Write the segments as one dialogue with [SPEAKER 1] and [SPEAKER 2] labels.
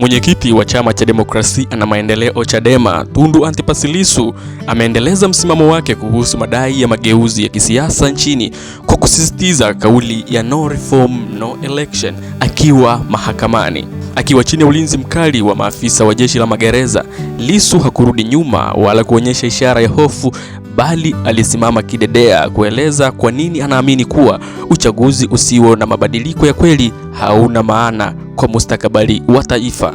[SPEAKER 1] Mwenyekiti wa chama cha demokrasia na maendeleo Chadema, Tundu Antipas Lissu ameendeleza msimamo wake kuhusu madai ya mageuzi ya kisiasa nchini kwa kusisitiza kauli ya no reform no election akiwa mahakamani. Akiwa chini ya ulinzi mkali wa maafisa wa jeshi la magereza, Lissu hakurudi nyuma wala kuonyesha ishara ya hofu, bali alisimama kidedea kueleza kwa nini anaamini kuwa uchaguzi usio na mabadiliko ya kweli hauna maana kwa mustakabali wa taifa.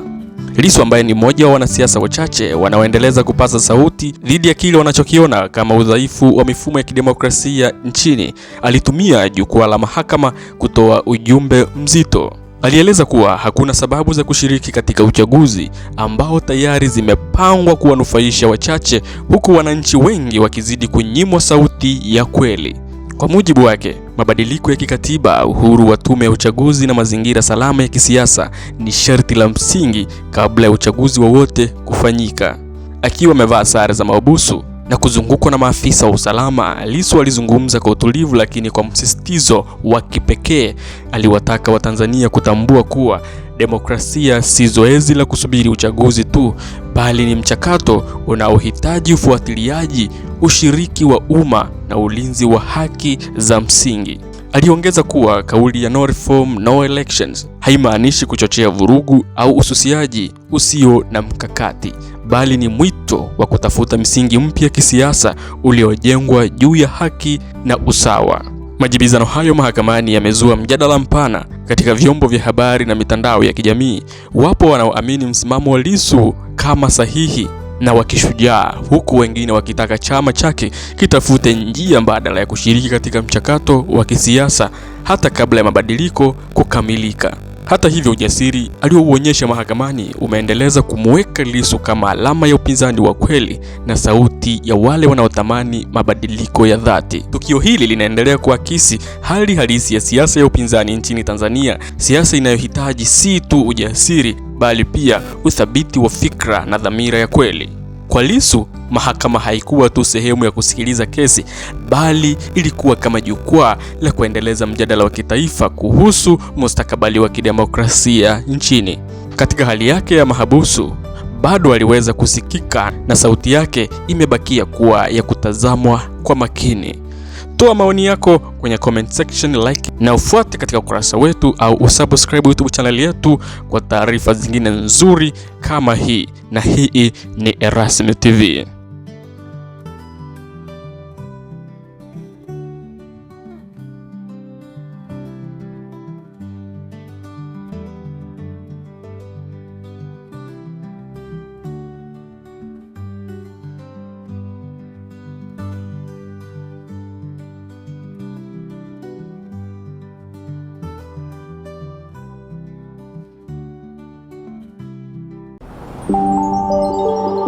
[SPEAKER 1] Lissu ambaye ni mmoja wa wanasiasa wachache wanaoendeleza kupaza sauti dhidi ya kile wanachokiona kama udhaifu wa mifumo ya kidemokrasia nchini, alitumia jukwaa la mahakama kutoa ujumbe mzito. Alieleza kuwa hakuna sababu za kushiriki katika uchaguzi ambao tayari zimepangwa kuwanufaisha wachache, huku wananchi wengi wakizidi kunyimwa sauti ya kweli. Kwa mujibu wake Mabadiliko ya kikatiba, uhuru wa tume ya uchaguzi na mazingira salama ya kisiasa ni sharti la msingi kabla ya uchaguzi wowote kufanyika. Akiwa amevaa sare za mahabusu na kuzungukwa na maafisa wa usalama, Lissu alizungumza kwa utulivu lakini kwa msisitizo wa kipekee. Aliwataka Watanzania kutambua kuwa Demokrasia si zoezi la kusubiri uchaguzi tu, bali ni mchakato unaohitaji ufuatiliaji, ushiriki wa umma na ulinzi wa haki za msingi. Aliongeza kuwa kauli ya no reform no elections haimaanishi kuchochea vurugu au ususiaji usio na mkakati, bali ni mwito wa kutafuta misingi mpya kisiasa uliojengwa juu ya haki na usawa. Majibizano hayo mahakamani yamezua mjadala mpana katika vyombo vya habari na mitandao ya kijamii. Wapo wanaoamini msimamo wa Lissu kama sahihi na wa kishujaa, huku wengine wakitaka chama chake kitafute njia mbadala ya kushiriki katika mchakato wa kisiasa hata kabla ya mabadiliko kukamilika. Hata hivyo, ujasiri aliouonyesha mahakamani umeendeleza kumweka Lissu kama alama ya upinzani wa kweli na sauti ya wale wanaotamani mabadiliko ya dhati. Tukio hili linaendelea kuakisi hali halisi ya siasa ya upinzani nchini Tanzania, siasa inayohitaji si tu ujasiri bali pia uthabiti wa fikra na dhamira ya kweli. Kwa Lissu, Mahakama haikuwa tu sehemu ya kusikiliza kesi, bali ilikuwa kama jukwaa la kuendeleza mjadala wa kitaifa kuhusu mustakabali wa kidemokrasia nchini. Katika hali yake ya mahabusu bado aliweza kusikika na sauti yake imebakia kuwa ya kutazamwa kwa makini. Toa maoni yako kwenye comment section, like na ufuate katika ukurasa wetu au usubscribe YouTube channel yetu kwa taarifa zingine nzuri kama hii, na hii ni Erasmi TV. Música